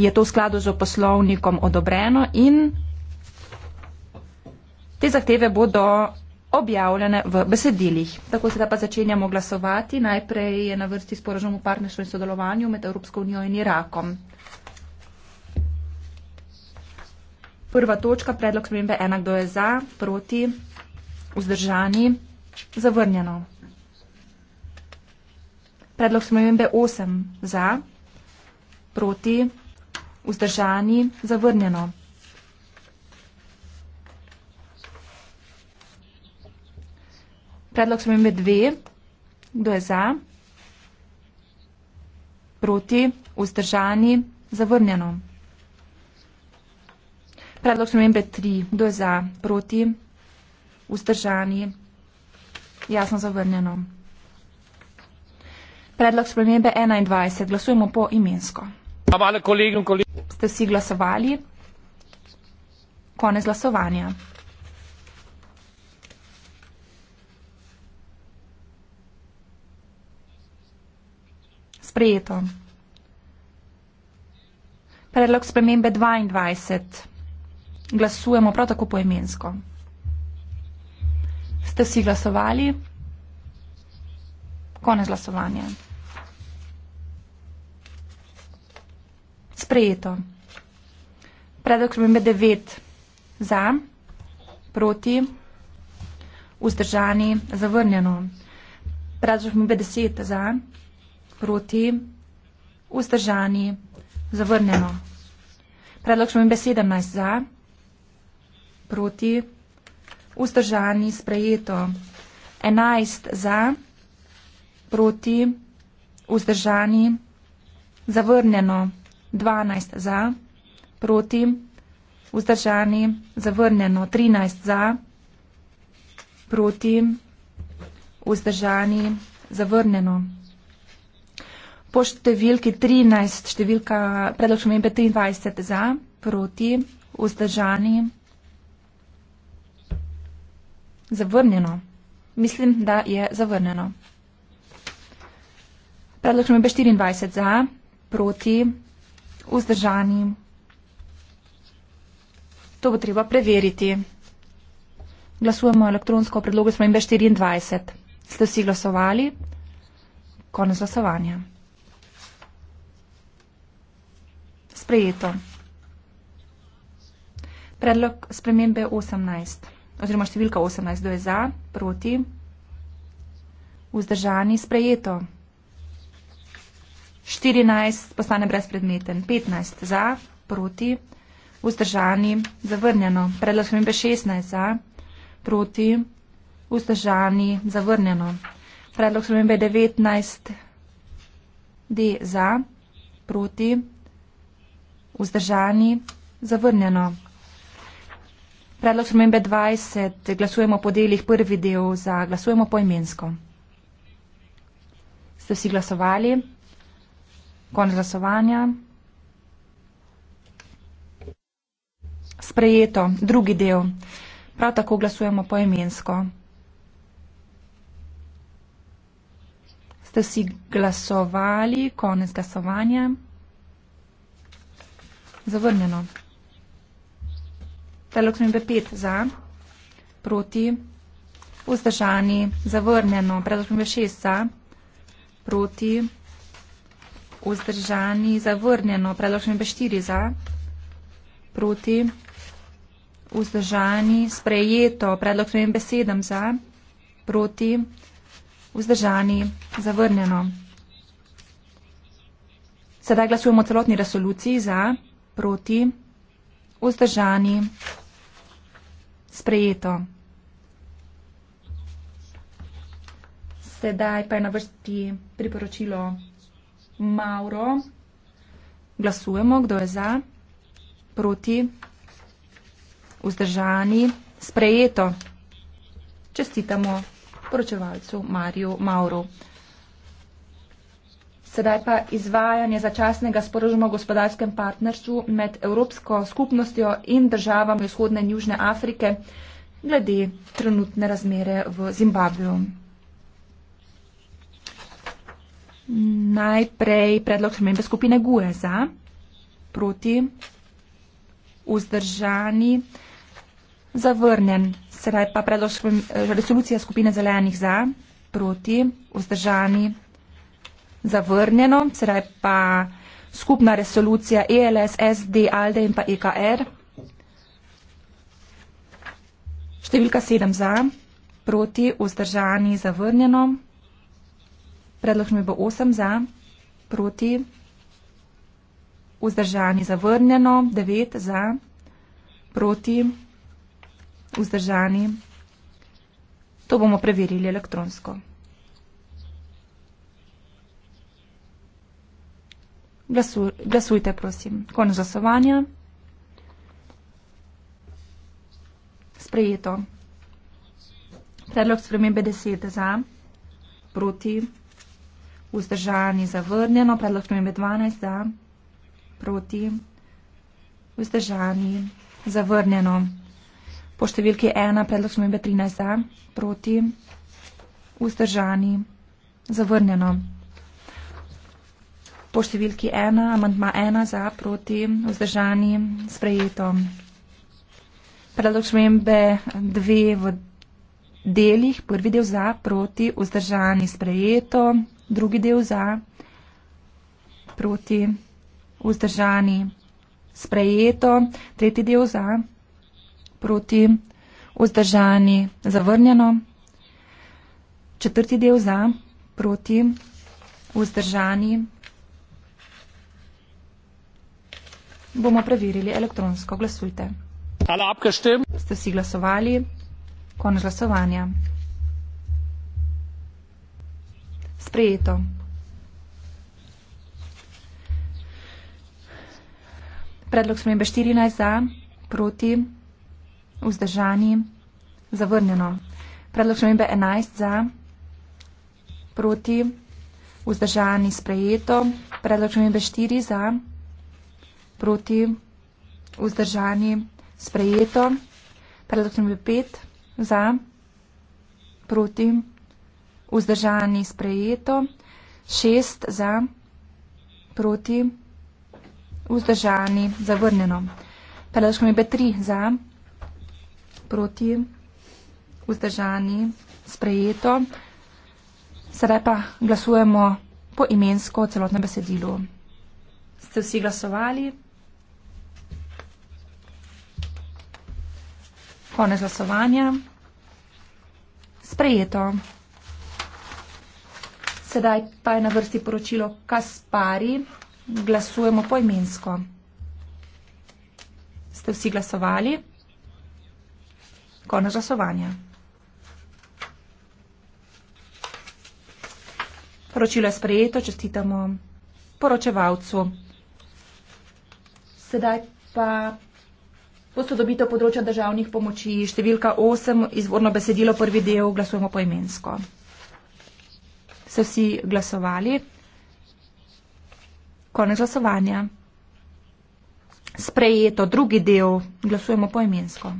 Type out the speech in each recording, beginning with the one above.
je to v skladu z poslovnikom odobreno in te zahteve bodo objavljene v besedilih. Tako se da pa začenjamo glasovati. Najprej je na vrsti sporožnemu partnerstvu in sodelovanju med Evropsko unijo in Irakom. Prva točka, predlog spremembe ena, kdo je za, proti, vzdržani, zavrnjeno. Predlog spremembe osem, za, proti, vzdržani. Vzdržani zavrnjeno. Predlog smo imeli dve. Kdo je za? Proti. Vzdržani zavrnjeno. Predlog smo imeli tri. Kdo je za? Proti. Vzdržani jasno zavrnjeno. Predlog spremembe 21. Glasujemo po imensko. Hvala kolegom, kolegom ste vsi glasovali. Konec glasovanja. Sprejeto. Predlog spremembe 22. Glasujemo prav tako poemensko. Ste vsi glasovali? Konec glasovanja. sprejeto. Predlog spremembe 9 za, proti, vzdržani, zavrnjeno. Predlog spremembe 10 za, proti, vzdržani, zavrnjeno. Predlog spremembe 17 za, proti, vzdržani, sprejeto. 11 za, proti, vzdržani, zavrnjeno. 12 za, proti, vzdržani, zavrnjeno, 13 za, proti, vzdržani, zavrnjeno. Po številki 13, številka predlog šumembe 23 za, proti, vzdržani, zavrnjeno. Mislim, da je zavrnjeno. Predlog šumembe 24 za, proti, vzdržani vzdržani. To bo treba preveriti. Glasujemo elektronsko o predlogu smembe 24. Ste vsi glasovali? Konec glasovanja. Sprejeto. Predlog spremembe 18, oziroma številka 18, kdo je za, proti, vzdržani, sprejeto. 14 postane brezpredmeten, 15 za, proti, vzdržani, zavrnjeno. Predlog spremembe 16 za, proti, vzdržani, zavrnjeno. Predlog spremembe 19 D za, proti, vzdržani, zavrnjeno. Predlog spremembe 20, glasujemo po delih prvi del za, glasujemo po imensko. Ste vsi glasovali? Konec glasovanja. Sprejeto. Drugi del. Prav tako glasujemo poemensko. Ste vsi glasovali? Konec glasovanja. Zavrnjeno. Telo smo imeli pet za, proti, vzdržani, zavrnjeno. Predlog smo imeli šest za, proti. Vzdržani zavrnjeno. Predlog šembe štiri za. Proti. Vzdržani sprejeto. Predlog šembe sedem za. Proti. Vzdržani zavrnjeno. Sedaj glasujemo celotni resoluciji za. Proti. Vzdržani sprejeto. Sedaj pa je na vrsti priporočilo Mauro. Glasujemo, kdo je za, proti, vzdržani, sprejeto. Čestitamo poročevalcu Marju Mauro. Sedaj pa izvajanje začasnega sporožuma o gospodarskem partnerstvu med Evropsko skupnostjo in državami vzhodne in južne Afrike glede trenutne razmere v Zimbabveju najprej predlog spremembe skupine GUE za proti vzdržani zavrnjen. Sedaj pa predlog resolucije skupine zelenih za proti vzdržani zavrnjeno. Sedaj pa skupna resolucija ELS, SD, ALDE in pa EKR. Številka 7 za proti vzdržani zavrnjeno. Predlog je bil 8 za, proti, vzdržani zavrnjeno, 9 za, proti, vzdržani. To bomo preverili elektronsko. Glasu, glasujte, prosim. Konec glasovanja. Sprejeto. Predlog spremembe 10 za, proti. Vzdržani zavrnjeno, predlog nume 12 za, proti, vzdržani zavrnjeno. Po številki 1, predlog nume 13 za, proti, vzdržani zavrnjeno. Po številki 1, amantma 1 za, proti, vzdržani sprejeto. Predlog šmembe dve v delih, prvi del za, proti, vzdržani sprejeto, drugi del za, proti, vzdržani, sprejeto, tretji del za, proti, vzdržani, zavrnjeno, četrti del za, proti, vzdržani. Bomo preverili elektronsko. Glasujte. Ste vsi glasovali? Konec glasovanja sprejeto. Predlog smembe 14 za, proti, vzdržani, zavrnjeno. Predlog smembe 11 za, proti, vzdržani, sprejeto. Predlog smembe 4 za, proti, vzdržani, sprejeto. Predlog smembe 5 za, proti, vzdržani. Vzdržani sprejeto. Šest za, proti, vzdržani, zavrnjeno. Predlažko mi je tri za, proti, vzdržani, sprejeto. Sedaj pa glasujemo po imensko celotnem besedilu. Ste vsi glasovali? Konec glasovanja. Sprejeto. Sedaj pa je na vrsti poročilo Kaspari. Glasujemo poimensko. Ste vsi glasovali? Konec glasovanja. Poročilo je sprejeto, čestitamo poročevalcu. Sedaj pa posodobitev področja državnih pomoči, številka 8, izvorno besedilo, prvi del, glasujemo poimensko. imensko so vsi glasovali. Konec glasovanja. Sprejeto drugi del, glasujemo poimensko.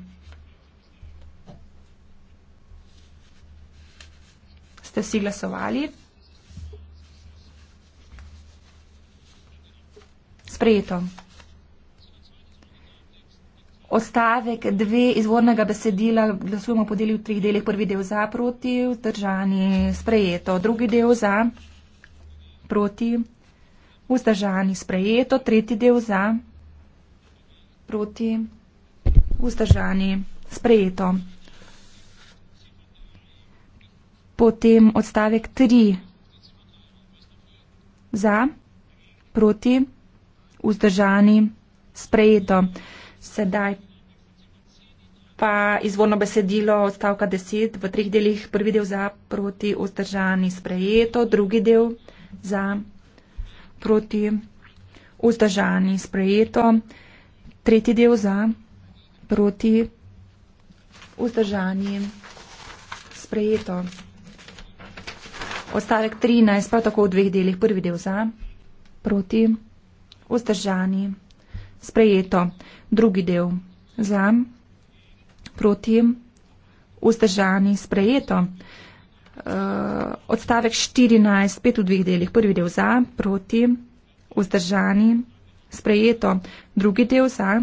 Ste vsi glasovali? Sprejeto. Ostavek dve izvornega besedila glasujemo po delu v treh delih. Prvi del za, proti, vzdržani, sprejeto. Drugi del za, proti, vzdržani, sprejeto. Tretji del za, proti, vzdržani, sprejeto. Potem odstavek tri za, proti, vzdržani, sprejeto. Sedaj pa izvorno besedilo odstavka 10 v treh delih. Prvi del za proti vzdržani sprejeto, drugi del za proti vzdržani sprejeto, tretji del za proti vzdržani sprejeto. Ostavek 13 prav tako v dveh delih. Prvi del za proti vzdržani sprejeto sprejeto. Drugi del za, proti, vzdržani, sprejeto. Eh, odstavek 14, spet v dveh delih. Prvi del za, proti, vzdržani, sprejeto. Drugi del za,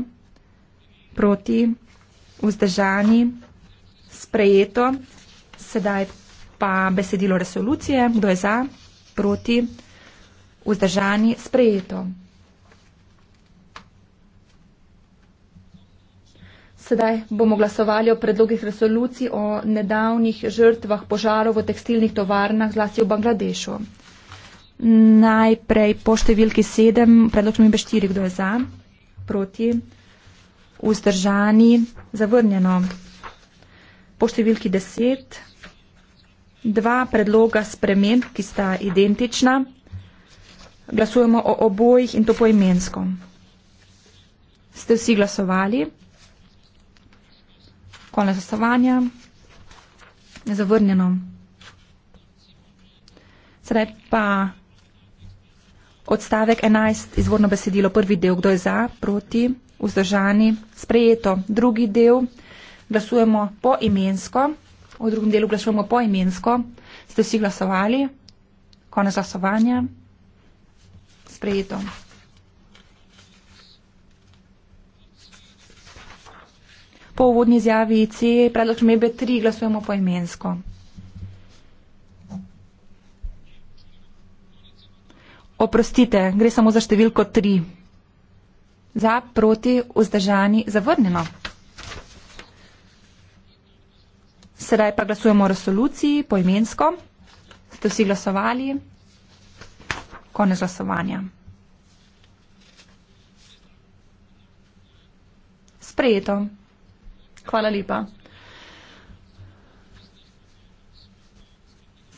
proti, vzdržani, sprejeto. Sedaj pa besedilo resolucije, kdo je za, proti, vzdržani, sprejeto. Sedaj bomo glasovali o predlogih resolucij o nedavnih žrtvah požarov v tekstilnih tovarnah, zlasti v Bangladešu. Najprej po številki 7, predlog številka 4, kdo je za, proti, vzdržani, zavrnjeno. Po številki 10, dva predloga sprememb, ki sta identična. Glasujemo o obojih in to poimensko. Ste vsi glasovali? Konec glasovanja. Zavrnjeno. Sedaj pa odstavek 11, izvorno besedilo, prvi del, kdo je za, proti, vzdržani, sprejeto. Drugi del glasujemo po imensko, v drugem delu glasujemo po imensko. Ste vsi glasovali? Konec glasovanja. Sprejeto. po uvodni izjavi C, predlog šmebe 3, glasujemo po imensko. Oprostite, gre samo za številko 3. Za, proti, vzdržani, zavrnjeno. Sedaj pa glasujemo o resoluciji po imensko. Ste vsi glasovali? Konec glasovanja. Sprejeto. Hvala lepa.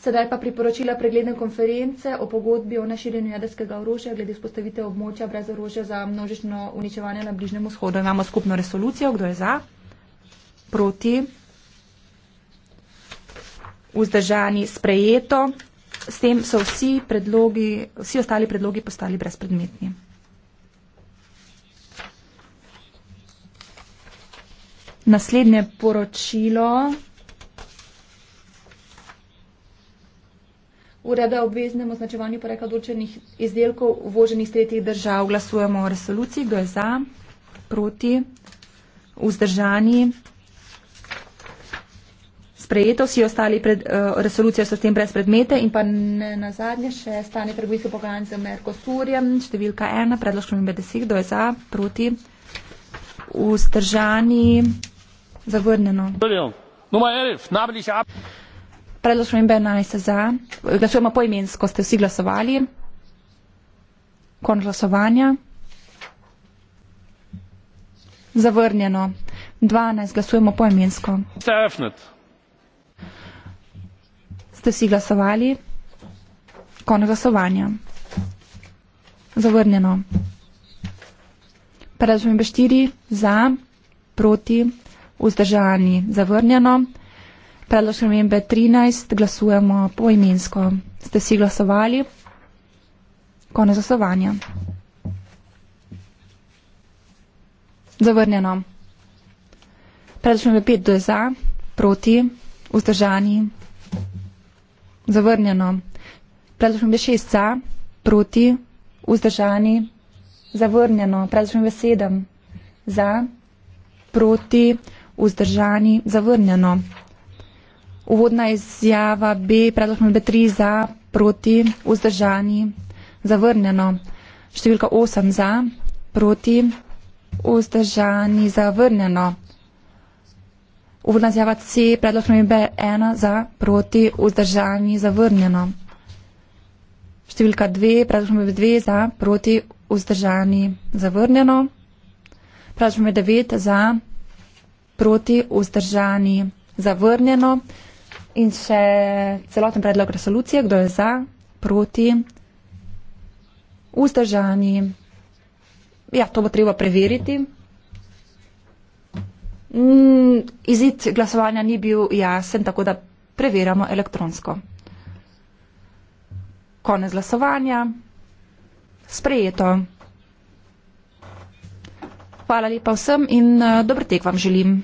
Sedaj pa priporočila pregledne konference o pogodbi o neširjenju jedrskega orožja glede spostavitev območja brez orožja za množično uničevanje na Bližnjem vzhodu. Imamo skupno resolucijo. Kdo je za? Proti? Vzdržani? Sprejeto? S tem so vsi, predlogi, vsi ostali predlogi postali brezpredmetni. Naslednje poročilo. Ureda o obveznem označevanju porekla določenih izdelkov uvoženih iz tretjih držav. Glasujemo o resoluciji. Kdo je za? Proti? Vzdržani? Sprejeto vsi ostali pred, uh, resolucije so s tem brez predmete in pa ne na zadnje še stanje trgovinske pogajanj z Merkosurjem. Številka ena, predlog 10. Kdo je za? Proti? Vzdržani? zavrnjeno. Predlog spremembe enajst za, glasujemo poimensko, ste vsi glasovali. Konč glasovanja. Zavrnjeno. Dvanajst, glasujemo poimensko. Ste vsi glasovali. Konč glasovanja. Zavrnjeno. Predlog spremembe štiri za, proti vzdržani. Zavrnjeno. Predlog spremembe 13 glasujemo poimensko. Ste si glasovali? Konec glasovanja. Zavrnjeno. Predlog spremembe 5 do je za, proti, vzdržani. Zavrnjeno. Predlog spremembe 6 za, proti, vzdržani. Zavrnjeno. Predlog spremembe 7 za, proti, vzdržani vzdržani, zavrnjeno. Uvodna izjava B, predlog B3 za, proti, vzdržani, zavrnjeno. Številka 8 za, proti, vzdržani, zavrnjeno. Uvodna izjava C, predlog B1 za, proti, vzdržani, zavrnjeno. Številka 2, predlog B2 za, proti, vzdržani, zavrnjeno. Predlog B9 za, proti, vzdržani, zavrnjeno in še celoten predlog resolucije, kdo je za, proti, vzdržani. Ja, to bo treba preveriti. Mm, izid glasovanja ni bil jasen, tako da preverjamo elektronsko. Konec glasovanja. Sprejeto. Hvala lepa vsem in eh, dober tek vam želim.